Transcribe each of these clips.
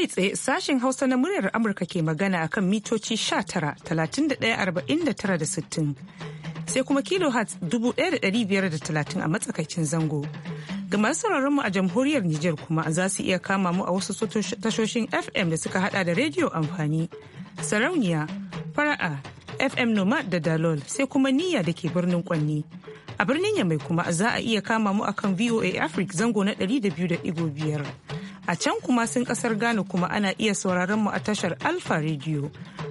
Kai tsaye sashen Hausa na muryar Amurka ke magana kan mitoci 19, 31, da sittin sai kuma kilohertz 1530 a matsakaicin zango. Ga masu sauraron mu a jamhuriyar Nijar kuma za su iya kama mu a wasu tashoshin FM da suka hada da rediyo amfani, sarauniya, fara'a, FM Nomad da Dalol sai kuma niyya da ke birnin Kwanni. A birnin Yamai kuma za a iya kama mu akan VOA Africa zango na 200.5. a can kuma sun kasar Ghana kuma ana iya sauraron mu a tashar Alfa Radio.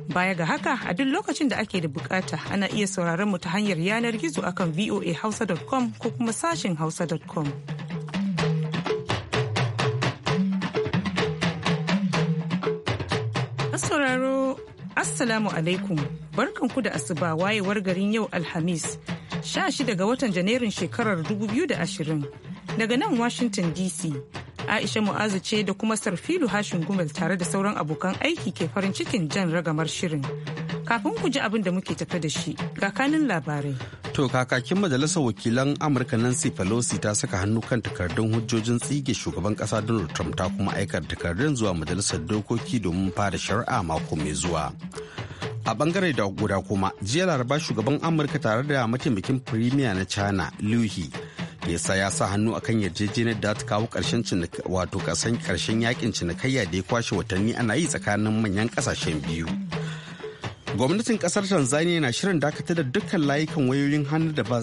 Baya ga haka a duk lokacin da ake da bukata ana iya sauraron mu ta hanyar yanar gizo akan voahausa.com ko kuma sashin hausa.com. sauraro Assalamu alaikum barkanku da asuba wayewar garin yau Alhamis sha shida ga watan Janairun shekarar 2020 daga nan Washington DC. Aisha Mu'azu ce da kuma Sarfilu Hashin Gumel tare da sauran abokan aiki ke farin cikin jan ragamar shirin. Kafin ku ji abin da muke tafe da shi, ga labarai. To kakakin majalisar wakilan Amurka Nancy Pelosi ta saka hannu kan takardun hujjojin tsige shugaban kasa Donald Trump ta kuma aika takardun zuwa majalisar dokoki domin fara shari'a mako mai zuwa. a bangare da guda kuma jiya laraba shugaban amurka tare da mataimakin firimiya na china liu yasa ya sa hannu akan yarjejeniyar da ta kawo karshen wato kasan karshen yakin cinikayya da ya kwashe watanni ana yi tsakanin manyan ƙasashen biyu gwamnatin ƙasar tanzania na shirin dakatar da dukkan layukan wayoyin hannu da ba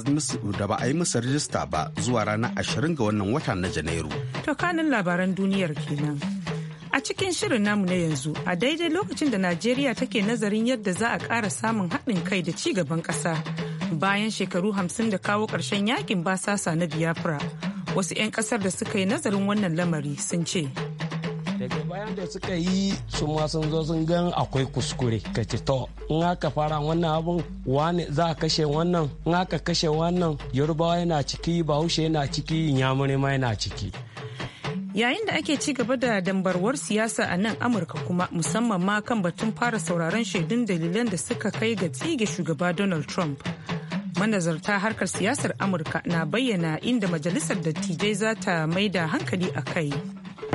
a yi musu rajista ba zuwa ranar 20 ga wannan wata na janairu to kanin labaran duniyar kenan a cikin shirin namu na yanzu a daidai lokacin da najeriya take nazarin yadda za a ƙara samun haɗin kai da ci gaban ƙasa bayan shekaru hamsin da kawo ƙarshen yakin basasa na biafra wasu 'yan ƙasar da suka yi nazarin wannan lamari sun ce daga bayan da suka yi su sun zo sun gan akwai kuskure ka ce to in aka fara wannan abin wani za a kashe wannan in aka kashe wannan yorubawa yana ciki bahaushe yana ciki yamuri ma yana ciki yayin da ake ci gaba da dambarwar siyasa a nan amurka kuma musamman ma kan batun fara sauraron shaidun dalilan da suka kai ga tsige shugaba donald trump manazarta harkar siyasar amurka na bayyana inda majalisar dattijai za ta mai da hankali a kai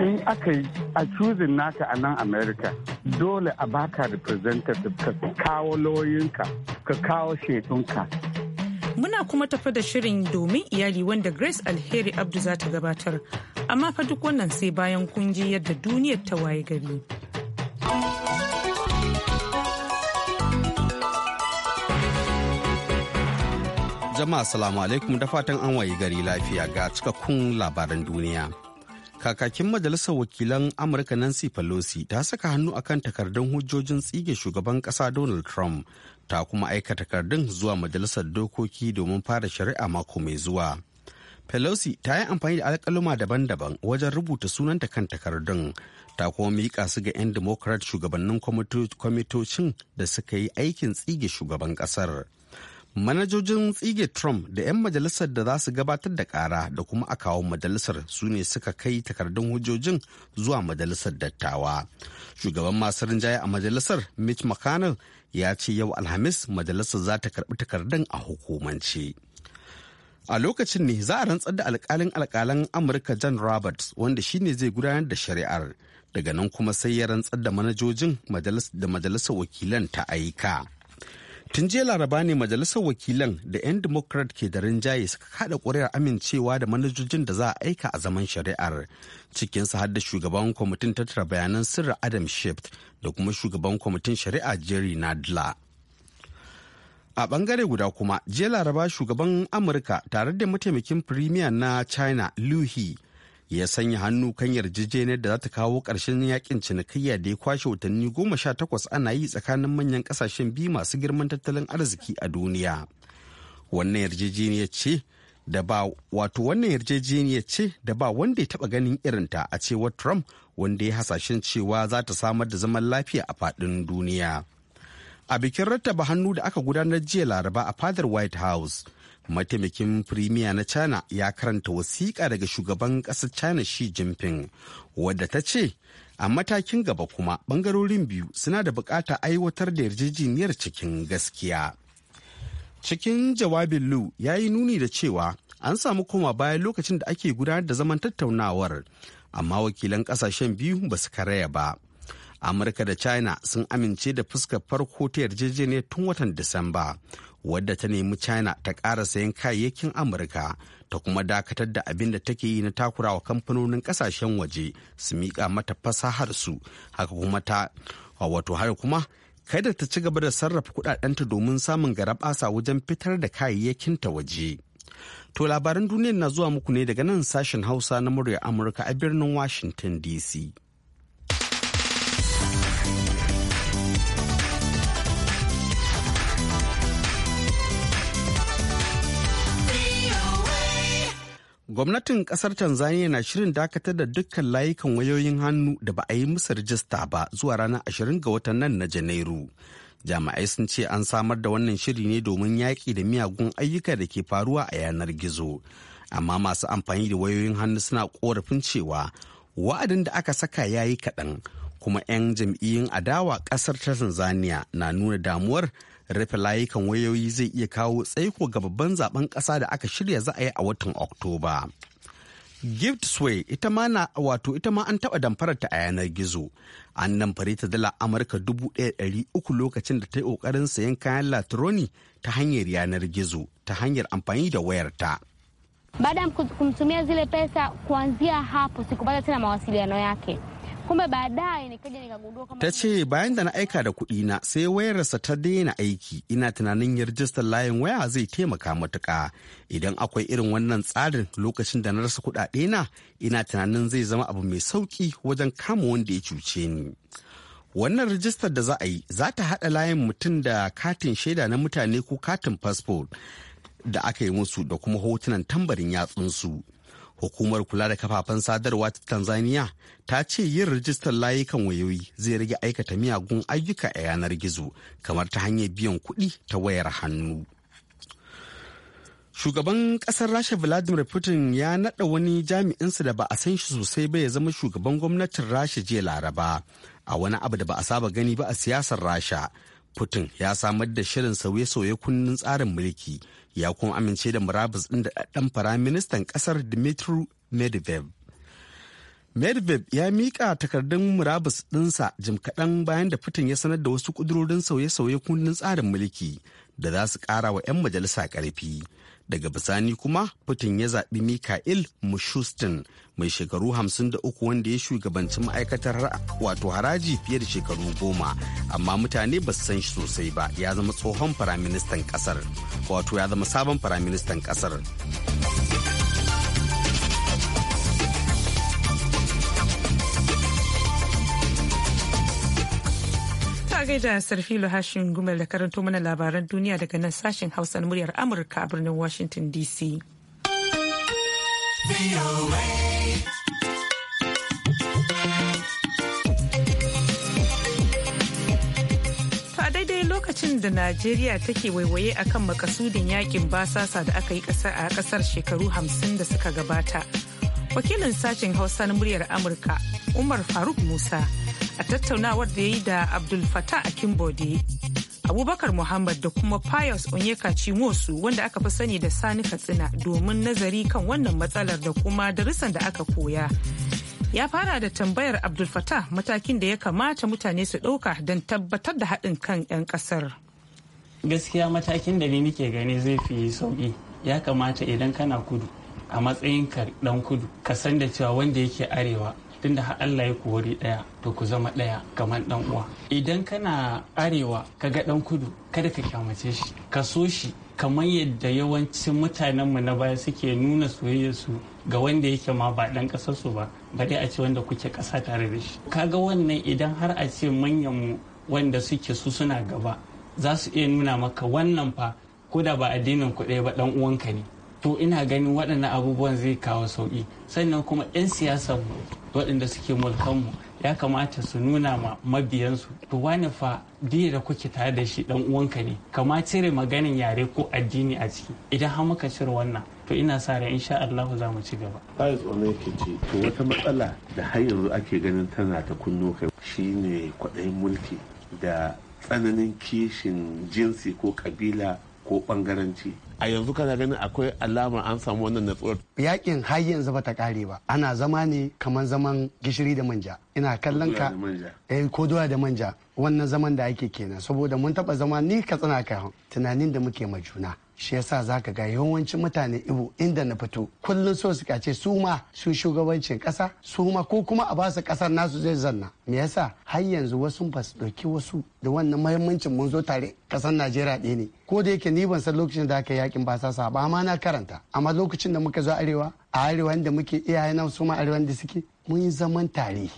in aka yi a cuzin naka a nan america dole a baka representative ka kawo lauyinka ka kawo shekunka muna kuma tafi da shirin domin iyali wanda grace alheri abdu za ta gabatar amma fa duk wannan sai bayan kunji yadda duniyar ta waye gari. Jama'a salamu alaikum da fatan an waye gari lafiya ga cikakkun labaran duniya. Kakakin Majalisar Wakilan Amurka Nancy Pelosi ta saka hannu akan takardun hujjojin tsige shugaban kasa Donald Trump ta kuma aika takardun zuwa Majalisar Dokoki domin fara shari'a mako mai zuwa. Pelosi ta yi amfani da alƙaluma daban-daban wajen rubuta sunanta kan takardun ta kuma miƙa su ga 'yan Democrat shugabannin kwamitocin da suka yi aikin tsige shugaban kasar. manajojin tsige trump da 'yan majalisar da za su gabatar da kara da kuma a kawo majalisar su ne suka kai takardun hujjojin zuwa majalisar dattawa shugaban masu rinjaye a majalisar mitch mcconnell ya ce yau alhamis majalisar za ta karbi takardun a hukumance a lokacin ne za a rantsar da alkalin alkalan amurka john roberts wanda shi ne zai gudanar da shari'ar daga nan kuma sai ya rantsar da manajojin da majalisar wakilan ta aika. tun jiya laraba ne majalisar wakilan da 'yan democrat ke da rinjaye suka kada kuri'ar amincewa da manajojin da za a aika a zaman shari'ar cikinsa har da shugaban kwamitin tattara bayanan sirri adam shift da kuma shugaban kwamitin shari'a jerry nadler a bangare guda kuma jiya laraba shugaban amurka tare da mataimakin firimiya na china liu ya sanya hannu kan yarjejeniyar da za ta kawo ƙarshen yakin cinikayya da ya kwashe watanni goma sha takwas ana yi tsakanin manyan ƙasashen biyu masu girman tattalin arziki a duniya wannan yarjejeniyar ce da ba wato wannan yarjejeniyar ce da ba wanda ya taɓa ganin irin ta a cewar trump wanda ya hasashen cewa za ta samar da zaman lafiya a faɗin duniya a bikin rattaba hannu da aka gudanar jiya laraba a fadar white house mataimakin firimiya na china ya karanta wasiƙa daga shugaban ƙasar china shi jinping wadda ta ce a matakin gaba kuma ɓangarorin biyu suna da buƙata aiwatar da yarjejeniyar cikin gaskiya cikin jawabin lu ya yi nuni da cewa an samu koma bayan lokacin da ake gudanar da zaman tattaunawar amma wakilan ƙasashen biyu ba su karaya ba amurka da china sun amince da fuskar farko ta yarjejeniyar tun watan disamba wadda ta nemi china ta ƙara sayan kayayyakin amurka ta kuma dakatar da abin da take yi na takurawa kamfanonin kasashen waje su miƙa mata fasahar su haka kuma ta wato har kuma kada ta ci gaba da sarrafa kudadenta domin samun garaɓasa wajen fitar da kayayyakinta waje to labaran duniyar na zuwa muku ne daga nan sashen hausa na murya amurka a birnin washington dc Gwamnatin ƙasar Tanzania na shirin dakatar da dukkan layukan wayoyin hannu da ba a yi musu rijista ba zuwa ranar 20 ga watan nan na Janairu. Jami'ai sun ce an samar da wannan shiri ne domin yaƙi da miyagun ayyuka da ke faruwa a yanar gizo. Amma masu amfani da wayoyin hannu suna korafin cewa wa'adin da aka saka ya yi kaɗan kuma 'yan jam'iyyun adawa ƙasar ta Tanzania na nuna damuwar rufe layukan wayoyi zai iya kawo tsaiko ga babban zaben ƙasa da aka shirya za a yi a watan oktoba gift sway ita ma na wato ita ma an taɓa damfarar ta a yanar gizo an damfare ta dala amurka dubu ɗaya uku lokacin da ta yi ƙoƙarin sayan kayan latroni ta hanyar yanar gizo ta hanyar amfani da wayarta. baada ya kumtumia zile pesa kuanzia hapo sikupata tena mawasiliano yake Kumbe baadaye nikagundua kama ta ce bayan da na aika da kuɗi na sai wayarsa ta daina aiki ina tunanin ya rijistar layin waya zai taimaka matuƙa idan akwai irin wannan tsarin lokacin da na rasa kuɗaɗe na ina tunanin zai zama abu mai sauki wajen kama wanda ya cuce ni. wannan rijistar da za a yi za ta haɗa layin mutum da katin shaida na mutane ko katin fasfo da aka yi musu da kuma hotunan tambarin yatsunsu Hukumar kula da kafafen sadarwa ta Tanzania ta ce yin rijistar layukan wayoyi zai rage aikata miyagun ayyuka a yanar gizo kamar ta hanyar biyan kuɗi ta wayar hannu. Shugaban ƙasar Rasha Vladimir Putin ya naɗa wani jami'insa da ba a san shi sosai ba ya zama shugaban gwamnatin Rasha jiya Laraba a wani abu da ba a saba gani ba a siyasar Rasha. Putin ya samar da shirin sauye-sauye kunnen tsarin mulki ya kun amince da murabus ɗin da ɗan firaministan ƙasar dimitru medvedev medvedev ya miƙa takardun murabus ɗinsa jim kaɗan bayan da fitin ya sanar da wasu ƙudurorin sauye-sauye kundin tsarin mulki da za su ƙara wa 'yan majalisa ƙarfi daga bisani kuma putin ya zaɓi mikhail mushustin mai shekaru 53 wanda ya shugabanci ma'aikatar wato haraji fiye da shekaru goma amma mutane ba su san shi sosai ba ya zama tsohon firaministan ƙasar wato ya zama sabon firaministan ƙasar gaida Sarfilo Hashin Gumel da karanto mana labaran duniya daga nan sashen Hausa na muryar Amurka a birnin Washington DC. daidai lokacin da Najeriya take waiwaye a kan makasudin yakin basasa da aka yi a kasar shekaru hamsin da suka gabata. Wakilin sashen Hausa na muryar Amurka, Umar Faruk Musa, a tattaunawar da ya yi da Abdul a kimbodi Abubakar Muhammad da kuma Pius Onyeka Chimosu wanda aka fi sani da Sani Katsina domin nazari kan wannan matsalar da kuma darussan da aka koya. Ya fara da tambayar Abdul fata matakin da ya kamata mutane su ɗauka don tabbatar da haɗin kan 'yan ƙasar. Gaskiya matakin da ni nake gani zai fi sauƙi. Ya kamata idan kana kudu a matsayin ka dan kudu ka san da cewa wanda yake arewa tunda har Allah ya wuri daya to ku zama daya kamar dan uwa idan kana arewa ka ga dan kudu kada ka kyamace shi ka so shi kamar yadda yawancin mutanenmu na baya suke nuna su ga wanda yake ma ba dan su ba bare a ce wanda kuke kasa tare da shi kaga wannan idan har a ce manyan mu wanda suke su suna gaba za su iya nuna maka wannan fa ko da ba addinin ku ɗaya ba dan uwanka ne to ina ganin waɗannan abubuwan zai kawo sauƙi sannan kuma 'yan siyasar waɗanda suke mulkanmu ya kamata su nuna ma mabiyansu to wani fa biye da kuke tare da shi dan uwanka ne kama cire maganin yare ko addini a ciki idan har muka cire wannan to ina sa ran insha Allah za mu ci gaba Faiz Omar ke ce to wata matsala da har yanzu ake ganin tana ta kunno kai shine kwaɗayin mulki da tsananin kishin jinsi ko kabila ko bangaranci a yanzu kana ganin akwai alama an samu wannan natsuwar yakin har yanzu bata kare ba ana zama ne kamar zaman gishiri da manja ina kallon ka eh, ko doya da manja wannan zaman da ake kenan saboda mun taba zama ni ka tsana ka tunanin da muke majuna. shi yasa za ka ga yawancin mutane ibo inda na fito kullum so su ce su ma su shugabancin kasa su ma ko kuma a basu kasar nasu zai zanna me yasa har yanzu wasu ba su ɗauki wasu da wannan mahimmancin mun zo tare kasar najeriya ɗaya ne ko da yake ni ban san lokacin da aka yakin ba sa ba ma na karanta amma lokacin da muka zo arewa a arewa da muke iyaye na su ma arewa da suke mun yi zaman tare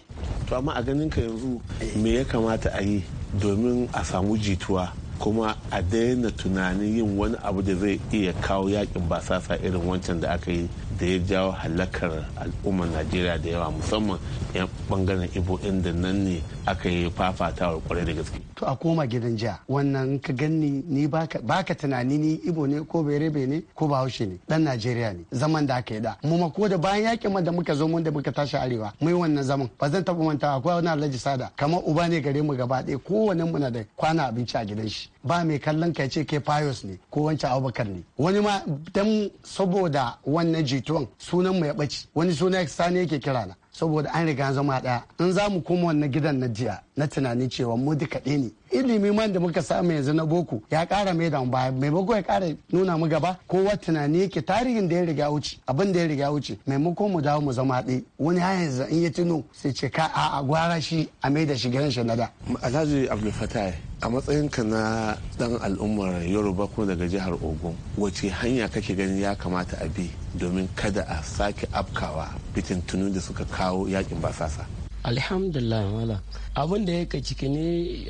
to amma a ganin ka yanzu me ya kamata a yi domin a samu jituwa kuma a daina tunanin yin wani abu da zai iya kawo yakin basasa irin wancan da aka yi da ya jawo halakar al'ummar najeriya da yawa musamman yan bangaren ibo inda nan ne aka yi fafatawar kwarai da gaske to a koma gidan jiya wannan ka ganni ni baka tunani ni ibo ne ko berebe ne ko bahaushe ne dan najeriya ne zaman da aka yi da mu ma ko da bayan yakin ma da muka zo mun da muka tashi arewa mu yi wannan zaman ba zan taba manta akwai wani alhaji sada kamar uba ne gare mu gaba ɗaya kowanne mu na da kwana abinci a gidan shi ba mai kallon ka ce kai payos ne ko wancan abubakar ne wani ma dan saboda wannan ji rituwan sunan mu ya ɓaci wani suna sani yake kirana. saboda an riga zama ɗaya in za mu koma wannan gidan na jiya na tunani cewa mu duka ɗaya ne ilimi man da muka samu yanzu na boko ya kara mai da baya maimako ya kara nuna mu gaba ko wa tunani yake tarihin da ya riga wuce abin da ya riga wuce maimako mu dawo mu zama ɗaya wani ya yanzu in ya tuno sai ce ka a a gwara shi a mai da shi gidan shi na da. alhaji abdulfatai a matsayinka na dan al'ummar yoruba ko daga jihar ogun wace hanya kake ganin ya kamata a bi domin kada a sake afkawa bitin tunu da suka kawo kawo yakin basasa alhamdulillah mala abin da ya ciki ne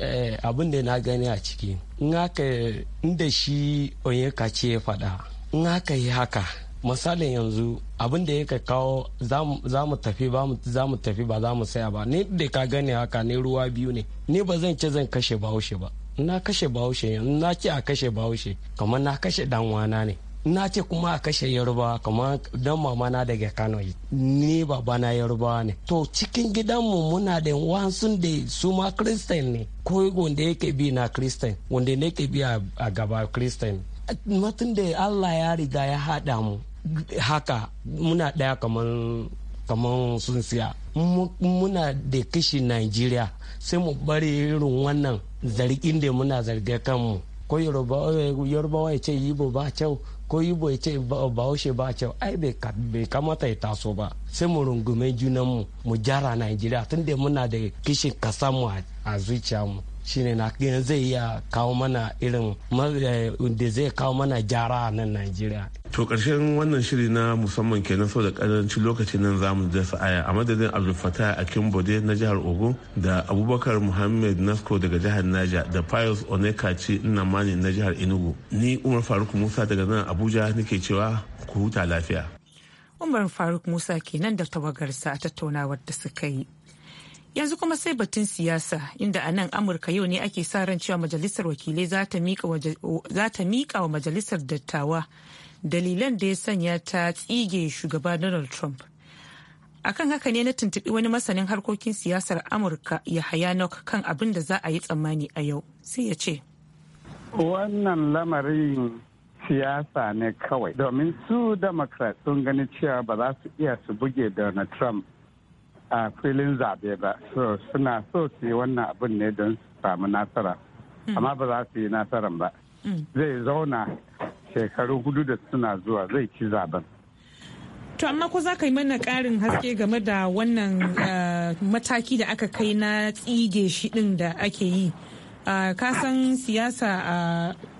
eh, abin da na gani a ciki in haka inda shi onyeka ce ya faɗa in haka yi haka misalin yanzu abin da ya kawo za mu tafi ba za mu tafi ba za mu saya ba ni da ka gani haka ne ruwa biyu ne ni ba zan ce zan kashe bahaushe ba na kashe bahaushe yanzu na ce a kashe bahaushe kamar na kashe dan wana ne na ce kuma a kashe yaruba kamar don mama na daga kano yi. ni baba na yaruba ne to cikin gidanmu muna da wasu da su ma kristen ne ko wanda yake bi na kristen wanda ne ke bi a gaba kristen matun da allah ya riga ya haɗa mu haka muna ɗaya kamar kamar sun siya muna da kashi nigeria sai mu bari irin wannan zargin da muna zarge kanmu ko eh, yorubawa ya ce yibo ba kyau ko yi bai ce bahaushe ba ce ai bai kamata ya taso ba sai mu rungume junanmu mu jara najeriya tun da muna da kishin kasanmu a mu. shine na zai iya kawo mana irin eh, da zai kawo mana jara a nan Najeriya. To karshen wannan shiri na musamman kenan sau da karancin lokacin nan zamu dasa aya a madadin Abdulfatah Bode na jihar Ogun da Abubakar Muhammad Nasko daga jihar Naja da Pius Onekachi Nnamani na jihar Enugu. Ni Umar Faruk Musa daga nan Abuja nake cewa ku huta lafiya. Umar Faruk Musa kenan da tawagarsa a tattaunawar da suka yi. yanzu kuma sai batun siyasa inda a nan amurka yau ne ake sa ran cewa majalisar wakilai za ta miƙa wa majalisar dattawa dalilan da ya sanya ta tsige shugaba donald trump akan haka ne na tuntuɓi wani masanin harkokin siyasar amurka ya nok kan abin da za a yi tsammani a yau sai ya ce wannan lamarin siyasa ne kawai domin su democrat sun gani cewa ba za su iya su buge donald trump a filin zaɓe ba so suna so su yi wannan abin ne don su samu nasara hmm. amma ba za su yi nasaran ba hmm. zai zauna shekaru hudu da suna zuwa zai ci zaben To amma ko za ka yi mana ƙarin haske game da wannan eh, mataki da aka kai na tsige shi ɗin da ake yi. Eh, ka san siyasa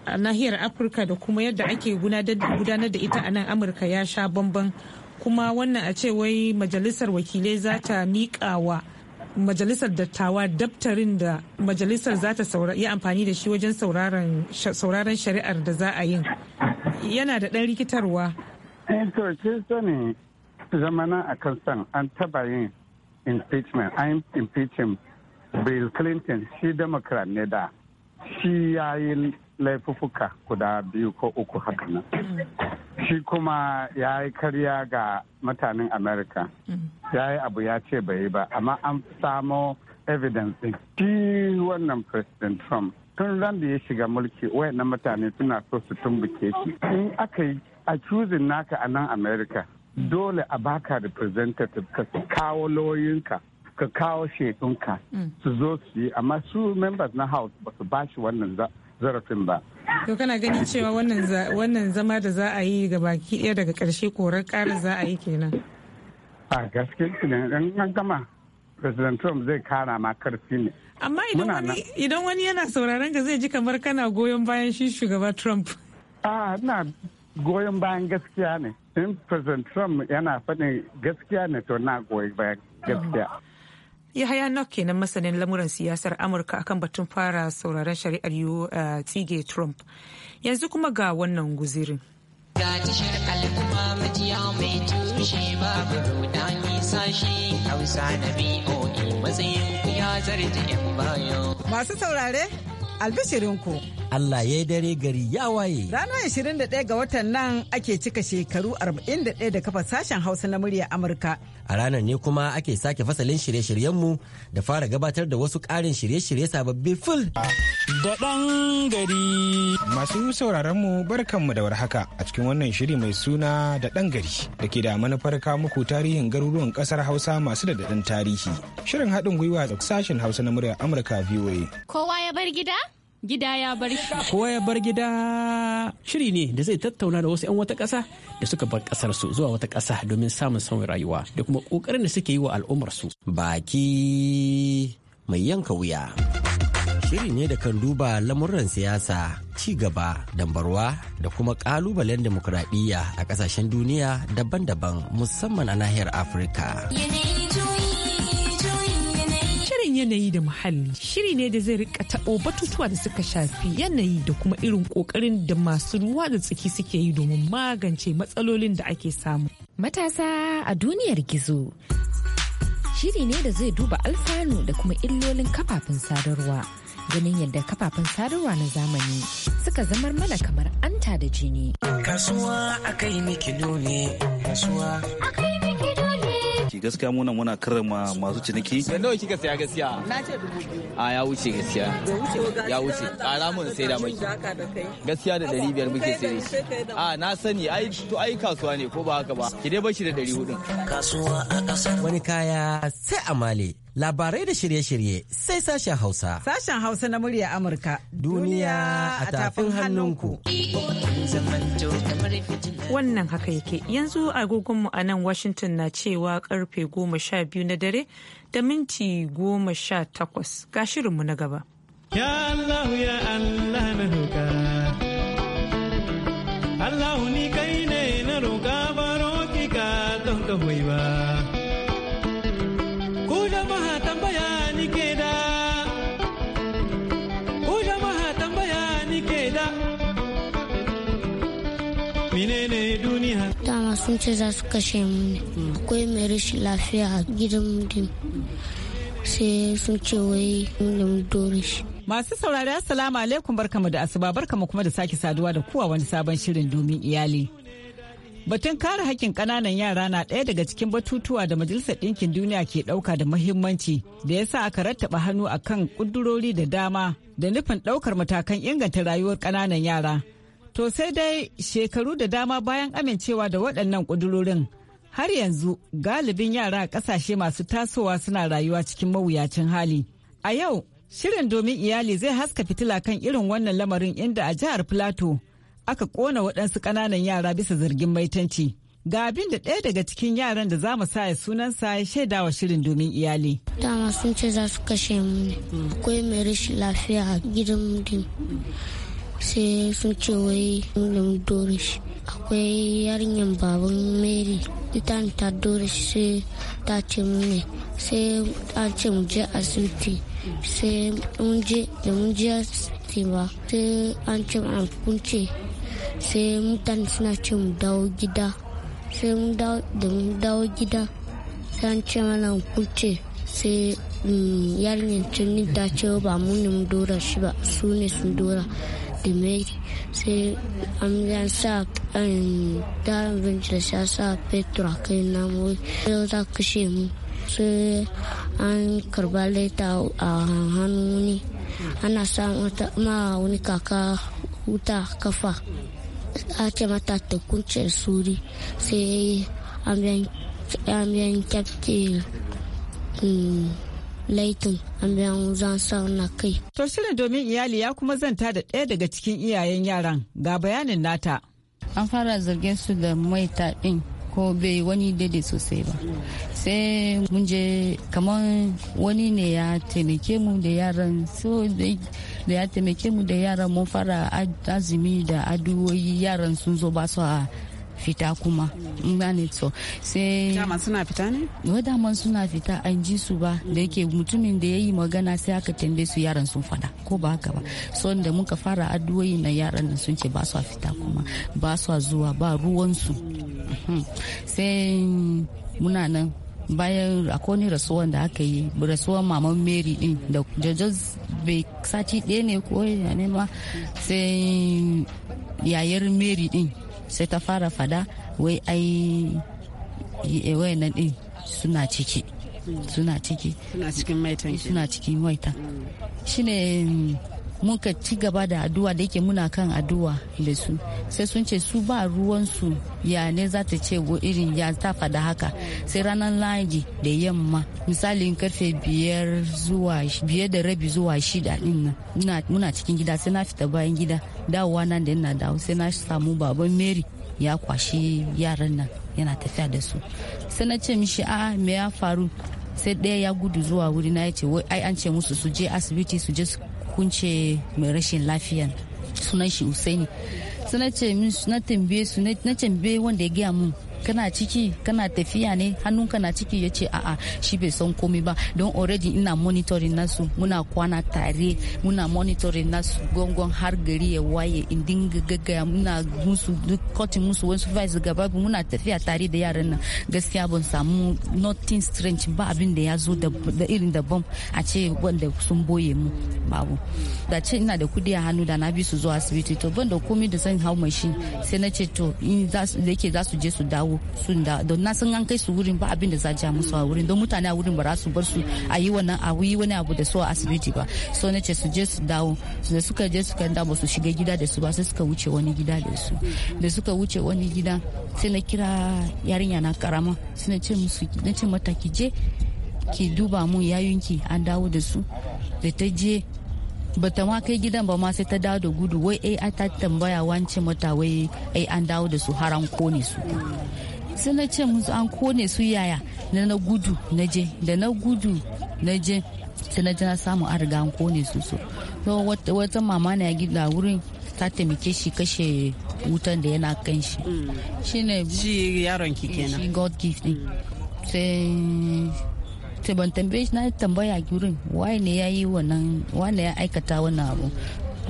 a nahiyar Afirka da kuma yadda ake gudanar da ita a nan Amurka ya sha bamban kuma wannan a ce wai majalisar wakilai za ta miƙa wa majalisar dattawa daftarin da majalisar za ta yi amfani da shi wajen sauraron shari'ar da za a yi yana da ɗan rikitarwa. Eh, to kin zama zamana a kan san an taba yin impeachment an impeachment bill clinton shi democrat ne da shi ya yi laifuffuka guda biyu ko uku haka nan shi kuma ya yi karya ga mutanen america ya yi abu ya ce bai yi ba amma an samo evidence shi wannan president trump tun ran da ya shiga mulki wayannan mutane suna so su tumbuke shi in aka yi accusing naka a nan america dole a baka representative ka kawo loyinka. ka kawo shekunka ka mm. su zo su yi amma su members na house ba su bashi wannan zarafin ba to kana ganin cewa wannan zama da za a yi ga baki ɗaya daga ƙarshe korar ƙara za a yi kenan a gaske ne an gama president trump zai kara ma karfi ne amma idan wani yana sauraron ka zai ji kamar kana goyon bayan shi shugaba trump a na goyon bayan gaskiya ne in president trump yana faɗin gaskiya ne to na goyon bayan gaskiya oh. ya haya Nock kenan masanin lamuran siyasar Amurka akan batun fara sauraron shari'ar yiwu uh, tsige Trump. Yanzu kuma ga wannan guzirin. Ga tashar mai na Masu saurare, albishirinku. Allah ya yi dare gari ya waye. Ranar 21 ga watan nan ake cika shekaru 41 da kafa sashen Hausa na murya Amurka. A ranar ne kuma ake sake fasalin shirye-shiryenmu da fara gabatar da wasu ƙarin shirye-shirye sababbi fil. Da ɗan gari. Masu sauraronmu barkanmu da warhaka a cikin wannan shiri mai suna da ɗan gari da ke da manufar kawo muku tarihin garuruwan ƙasar Hausa masu da daɗin tarihi. Shirin haɗin gwiwa da sashen Hausa na murya Amurka VOA. Kowa ya bar gida? gida ya bar Kowa ya bar gida shiri ne da zai tattauna da wasu 'yan wata ƙasa da suka bar ƙasar su zuwa wata ƙasa domin samun sauyin rayuwa da kuma ƙoƙarin da suke yi wa al'ummar su. Baki mai yanka wuya. Shiri ne da kan duba lamuran siyasa, ci gaba, dambarwa da kuma ƙalubalen demokuraɗiyya a ƙasashen duniya daban-daban musamman a nahiyar Afirka. yanayi da muhalli shiri ne da zai rika taɓo batutuwa da suka shafi yanayi da kuma irin ƙoƙarin da masu ruwa da tsaki suke yi domin magance matsalolin da ake samu. Matasa a duniyar gizo. Shiri ne da zai duba alfanu da kuma illolin kafafen sadarwa. Ganin yadda kafafen sadarwa na zamani suka zamar mana kamar anta da jini. Kasuwa akai kasuwa akai ciniki gaskiya muna muna karrama masu ciniki sai nawa kika saya gaskiya na ce dubu biyu a ah, ya wuce gaskiya ya wuce ƙara mun sai da maki gaskiya da ɗari biyar muke sai a ah, na sani ai to ai kasuwa ne ko ba haka ba ki dai bashi da ɗari kasuwa a ƙasar wani kaya sai amale labarai da shirye-shirye sai sashen Hausa. Sashen Hausa na murya Amurka. Duniya a tafin hannunku. Wannan haka yake yanzu agogonmu a nan Washington na cewa karfe goma sha biyu na dare da minti goma sha takwas ga shirinmu na gaba. Ya Allah ya Allah na Allah ni sun ce za su kashe mu ne akwai mai rashin e lafiya a gidan din sai sun ce wai da mu shi Masu saurari Assalamu alaikum barkamu da asuba barkamu kuma da sake saduwa da kuwa wani sabon shirin domin iyali. Batun kare hakkin ƙananan yara na ɗaya daga cikin batutuwa da Majalisar Ɗinkin Duniya ke ɗauka da muhimmanci da ya sa aka rattaba hannu a kan ƙudurori da dama da nufin ɗaukar matakan inganta rayuwar ƙananan yara To sai dai shekaru da dama bayan amincewa da waɗannan ƙudurorin har yanzu galibin yara a ƙasashe masu tasowa suna rayuwa cikin mawuyacin hali. A yau, shirin domin iyali zai haska fitila kan irin wannan lamarin inda a jihar Filato aka ƙona waɗansu ƙananan yara bisa zargin maitanci. ga abin da ɗaya daga cikin yaran da za mu sa ya sunansa ya shaida wa shirin domin iyali. Dama sun ce za su kashe mu ne. Akwai mai rashin lafiya a gidan mu. sai sun ce wai da mu shi akwai yarinyar baban mary ita ta dore shi sai ta ce mu ne sai ta ce mu je asibiti sai mun je da mun je asibiti ba sai an ce an kunce sai mutane suna ce mu dawo gida sai mun da mun dawo gida sai an ce mana kunce sai mm, yarinyar cin ta ce ba mu ne mu dora shi ba su ne sun dora dimeri sai an sa kan daren bincin sa sa fetur a kai namu sai za kashe mu sai an karba leta a hannu ne ana sa ma wani kaka huta kafa ake mata ta kunce suri sai an laitin an zan na kai. To shirin domin iyali ya kuma zanta da ɗaya daga cikin iyayen yaran ga bayanin nata. An fara zargin su da mai ɗin ko bai wani daidai sosai ba. Sai mun je kamar wani ne ya taimake mu da yaran so da ya taimake mu da yaran mun fara azumi da aduwoyi yaran sun zo ba su a fita kuma in to sai dama suna fita ne wa dama suna fita an ji su ba da yake mutumin da ya yi magana sai aka tambaye su yaran sun fada ko ba haka ba so da muka fara addu'o'i na yaran nan sun ce ba su fita kuma ba su zuwa ba ruwan su mhm. sai muna nan bayan akwai rasuwan da aka yi rasuwan maman mary din da jajos bai sati ɗaya ne ko ya nema sai yayar mary din sai ta fara fada wai ai eh, wayannan din suna ciki suna ciki suna cikin maitan suna cikin maitan mm. shine muka ci gaba da addu'a da yake muna kan addu'a da su sai sun ce su ba ruwansu ya ne za ta ce go irin ya ta faɗa haka sai ranar lahadi da yamma misalin karfe biyar zuwa biyar da rabi zuwa shida din muna cikin gida sai na fita bayan gida dawowa nan da yana dawo sai na samu baban mary ya kwashe yaran nan yana tafiya da su sai na ce mishi a me ya faru sai ɗaya ya gudu zuwa wuri na ya ce wai ai an ce musu su je asibiti su je kunce mai rashin lafiya sunan shi usaini sunan na ce na tambaye su na tambaye wanda ya gaya mun kana ciki kana tafiya ne hannunka na ciki ya ce a'a shi bai san komai ba don already ina monitoring nasu muna kwana tare muna monitoring nasu gongon har gari ya waye in dinga gaggaya muna musu duk kotin musu wasu vice gaba muna tafiya tare da yaran nan gaskiya ban samu nothing strange ba abin da ya zo da irin daban a ce wanda sun boye mu babu da ce ina da kudi a hannu da na bi su zuwa asibiti to ban da komai da zan hau mashin sai na ce to in da yake za su je su dawo sun da don na san an kai su wurin ba abin da za ja musu a wurin don mutane a wurin ba su bar su a yi wannan a yi wani abu da su a asibiti ba so na ce su je su dawo su da suka je suka da ba su shiga gida da su ba sai suka wuce wani gida da su da suka wuce wani gida sai na kira yarinya na karama sai na ce musu na ce mata ki je ki duba mun yayunki an dawo da su da ta je bata ma kai gidan ba ma sai ta dawo da gudu wai eh, ai ta tambaya wance mata wai ai eh, an dawo da su har an kone su sai na ce musu an kone su yaya na na gudu na je da na gudu na je sai na ji na samu an riga an kone su su wata mama na gida wurin ta taimake shi kashe wutan da yana kan shi mm. shine shi yaron ki kenan shi god gift mm. sai to ban tambaye shi na tambaya gurin wai ne ya yi wannan wani ya aikata wannan abu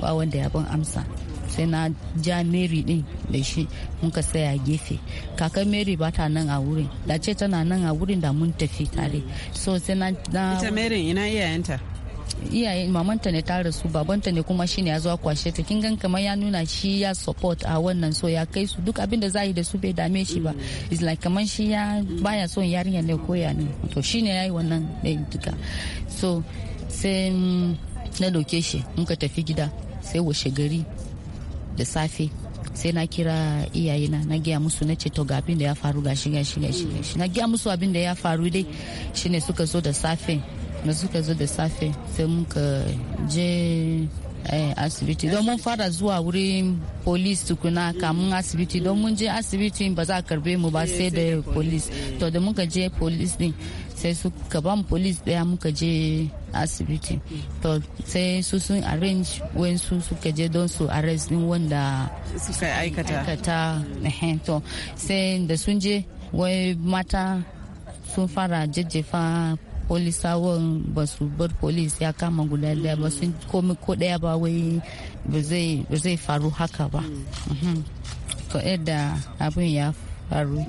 ba wanda ya ban amsa sai na ja mary din da shi muka saya gefe kakar mary ba ta nan a wurin da ce tana nan a wurin da mun tafi tare so sai na ita mary ina iyayenta iyaye mamanta ne ta rasu babanta ne kuma shine ya zo a kwashe ta kin gan kamar ya nuna shi ya support a wannan so ya kai su duk abinda da za yi da su bai dame shi ba mm. is like kamar shi ya baya son yarinya ne ko ya ne to shine yi wannan ɗayan duka so sai na doke shi muka tafi gida sai washe gari da safe sai na kira iyayena na gaya musu na ce to ga abin da ya faru gashi gashi gashi gashi na gaya musu abin da ya faru dai shine suka zo da safe me suka zo da safe sai muka je eh, asibiti don mun fara zuwa wurin polis tukuna kamun asibiti don mun je asibiti ba za a karbe mu ba sai da polis to da muka je polis din sai su gaban polis daya muka je asibiti to sai su sun arrange su suka je don su arrest din wanda suka aikata to sai da sun je wai mata sun fara jajjefa polisawan ba su bar polis ya kama guda daya ba sun komi ko daya ba wai ba zai faru haka ba mhm. to yadda abin ya faru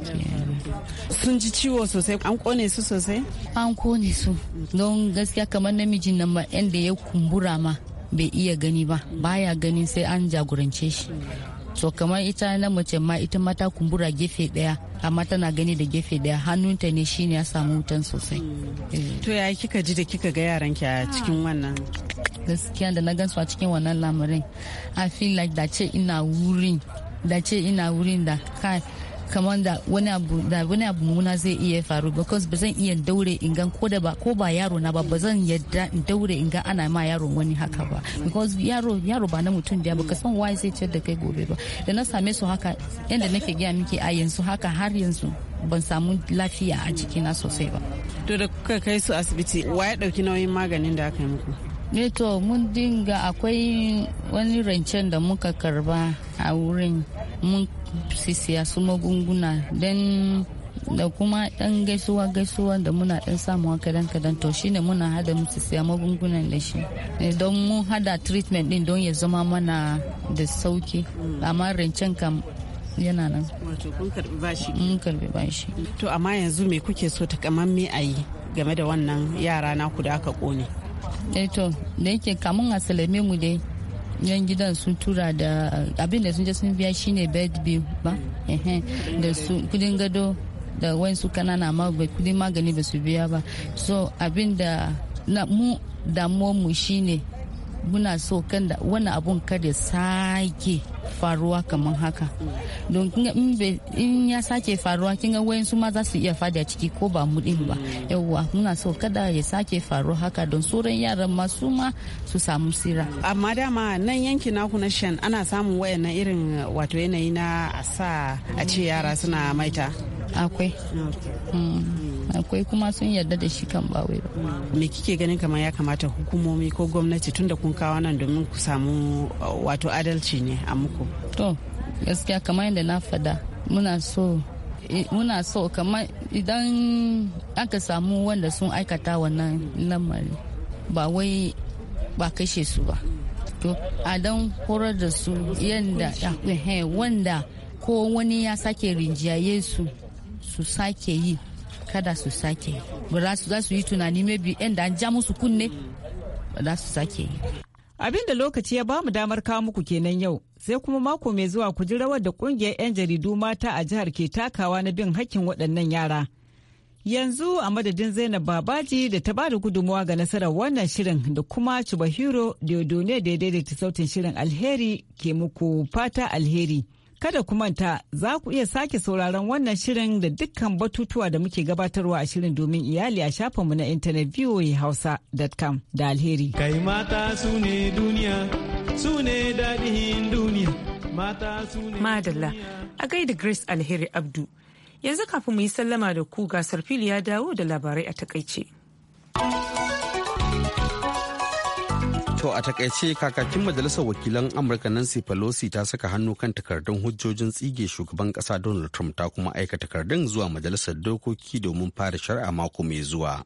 sun ji ciwo sosai an kone su sosai an kone su don gaskiya kamar namijin nan ba yadda ya kumbura ma bai iya gani ba baya gani sai an jagorance shi so kamar ita na mace ma ita mata kumbura gefe daya amma tana gani da gefe daya hannunta ne shine ya samu wutan sosai eh. to ya kika ji da kika ga yaran ki a ah. cikin wannan gaskiya da na gansu a cikin wannan lamarin i feel like da ce ina wurin da ce ina wurin da kai kamar da wani abu da wani abu muna zai iya faru because ba zan iya daure in ko da ba ko ba yaro na ba ba zan yadda in daure in ga ana ma yaro wani haka ba because yaro yaro ba na mutum da baka san why zai ciyar da kai gobe ba da na same su haka inda nake gaya miki a yanzu haka har yanzu ban samu lafiya a jikina sosai ba to da kuka kai su asibiti wa ya dauki nauyin maganin da aka yi muku ne to mun dinga akwai wani rancen da muka karba a wurin mun sisiya su magunguna don da kuma dan gaisuwa gaisuwa da muna dan samuwa kadan kadan to shine muna hada musu siya magungunan da shi eh, don mun hada treatment din don ya zama mana da sauki amma rancen kam yana nan wato kun karbi bashi mun karbi bashi to amma yanzu me kuke so kaman me ayi game da wannan yara ku da aka kone eh to da yake kamun a mu dai yan gidan sun tura da abin da sun je sun biya shine bed bill ba da su kudin gado da wayansu kanana ma kudin magani ba su biya ba so abin da mu damuwar mu shine muna so kan da wani abun kada sake faruwa kamar haka don in ya sake faruwa kin ga su ma za su iya fada ciki ko ba mu din ba yawwa muna so kada ya sake faruwa haka don sauran yaran ma su ma su samu sira amma dama nan yanki naku na shan ana samun na irin wato yanayi na a sa a ce yara suna maita akwai mm. akwai kuma sun yarda da shi kan ba ba me kike ganin kamar ya kamata hukumomi ko gwamnati tunda kun kawo nan domin ku samu uh, wato adalci ne a muku to gaskiya kamar yadda na fada muna so eh, muna so kamar idan aka samu wanda sun aikata wannan lamari ba wai ba kashe su ba to a don horar da su yadda eh, eh, wanda ko wani ya sake rinjiyaye su su sake yi kada su sake za su yi tunani maybe yan da an ja musu kunne za su sake yi abin da lokaci ya bamu damar kawo muku kenan yau sai kuma mako mai zuwa ku ji rawar da kungiyar 'yan jaridu mata a jihar ke takawa na bin hakkin waɗannan yara yanzu a madadin zainab babaji da ta ba da gudunmawa ga nasarar wannan shirin da kuma chubahiro hero da ya daidaita sautin shirin alheri ke muku fata alheri Kada ku manta za ku iya sake sauraron wannan shirin da dukkan batutuwa da muke gabatarwa a shirin domin iyali a shafinmu na intanet voahausa.com da alheri. Kai mata su ne duniya, su ne daɗin duniya. Mata su ne Madalla, a gaida Grace Alheri Abdu. Yanzu kafin mu yi sallama da ku gasar fili ya dawo da labarai a takaice. To a takaice kakakin majalisar wakilan Amurka Nancy Pelosi ta saka hannu kan takardun hujjojin tsige shugaban kasa Donald Trump ta kuma aika takardun zuwa majalisar dokoki domin fara shari'a mako mai zuwa.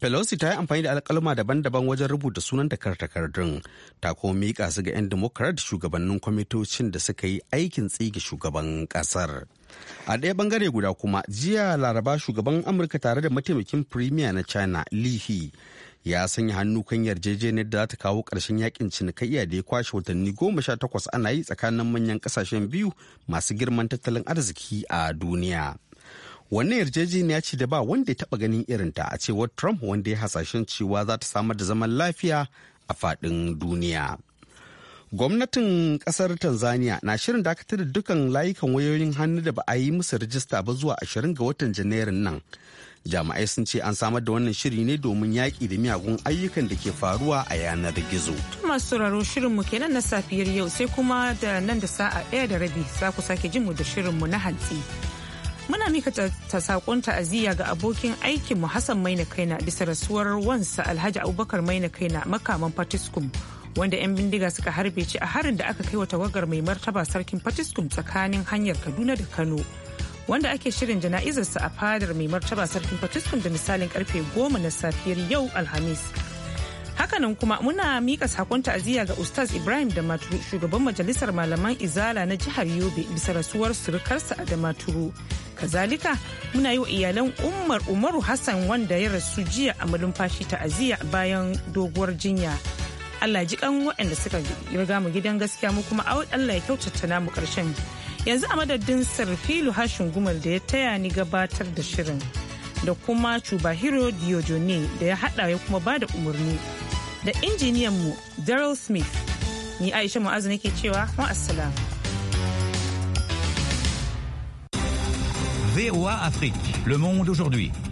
Pelosi ta yi amfani da alkalma daban-daban wajen rubuta sunan takardun ta kuma miƙa su ga 'yan Democrat shugabannin kwamitocin da suka yi aikin tsige shugaban ƙasar. A ɗaya bangare guda kuma jiya laraba shugaban Amurka tare da mataimakin Premier na China Li He ya sanya hannu kan yarjejeniyar da za ta kawo ƙarshen yakin cinikayya da ya kwashe watanni goma sha takwas ana yi tsakanin manyan ƙasashen biyu masu girman tattalin arziki a duniya. wannan yarjejeniya ce da ba wanda ya taɓa ganin irin ta a cewar trump wanda ya hasashen cewa za ta samar da zaman lafiya a faɗin duniya gwamnatin ƙasar tanzania na shirin dakatar da dukkan layukan wayoyin hannu da ba a yi musu rijista ba zuwa ashirin ga watan janairun nan jami'ai sun ce an samar da wannan shiri ne domin yaƙi da miyagun ayyukan da ke faruwa a yanar gizo. masu sauraro shirinmu kenan na safiyar yau sai kuma da nan da sa'a ɗaya da rabi za ku sake jin mu da shirinmu na hantsi. Muna mika ta saƙon ta'aziyya ga abokin aikin mu Hassan Maina Kaina bisa rasuwar wansa Alhaji Abubakar Maina Kaina makaman Fatiskum wanda 'yan bindiga suka harbe ci a harin da aka kai wa tawagar mai martaba sarkin Fatiskum tsakanin hanyar Kaduna da Kano. wanda ake shirin jana'izar sa a fadar mai martaba sarkin fatiskun da misalin karfe goma na safiyar yau alhamis hakanan kuma muna mika sakon ta'aziyya ga ustaz ibrahim da maturu shugaban majalisar malaman izala na jihar yobe bisa rasuwar surukarsa da maturu kazalika muna yi wa iyalan umar umaru hassan wanda ya rasu jiya a malumfashi ta'aziyya bayan doguwar jinya allah ji kan waɗanda suka riga mu gidan gaskiya mu kuma allah ya kyautata namu karshen. yanzu a madadin sarfilu hashin gumal da ya taya ni gabatar da shirin da kuma chubahiro diodone da ya hada ya kuma bada umarni da injiniyan mu daryl smith ni aisha mu'azu nake cewa ma'assalam VOA Afrique, le monde aujourd'hui.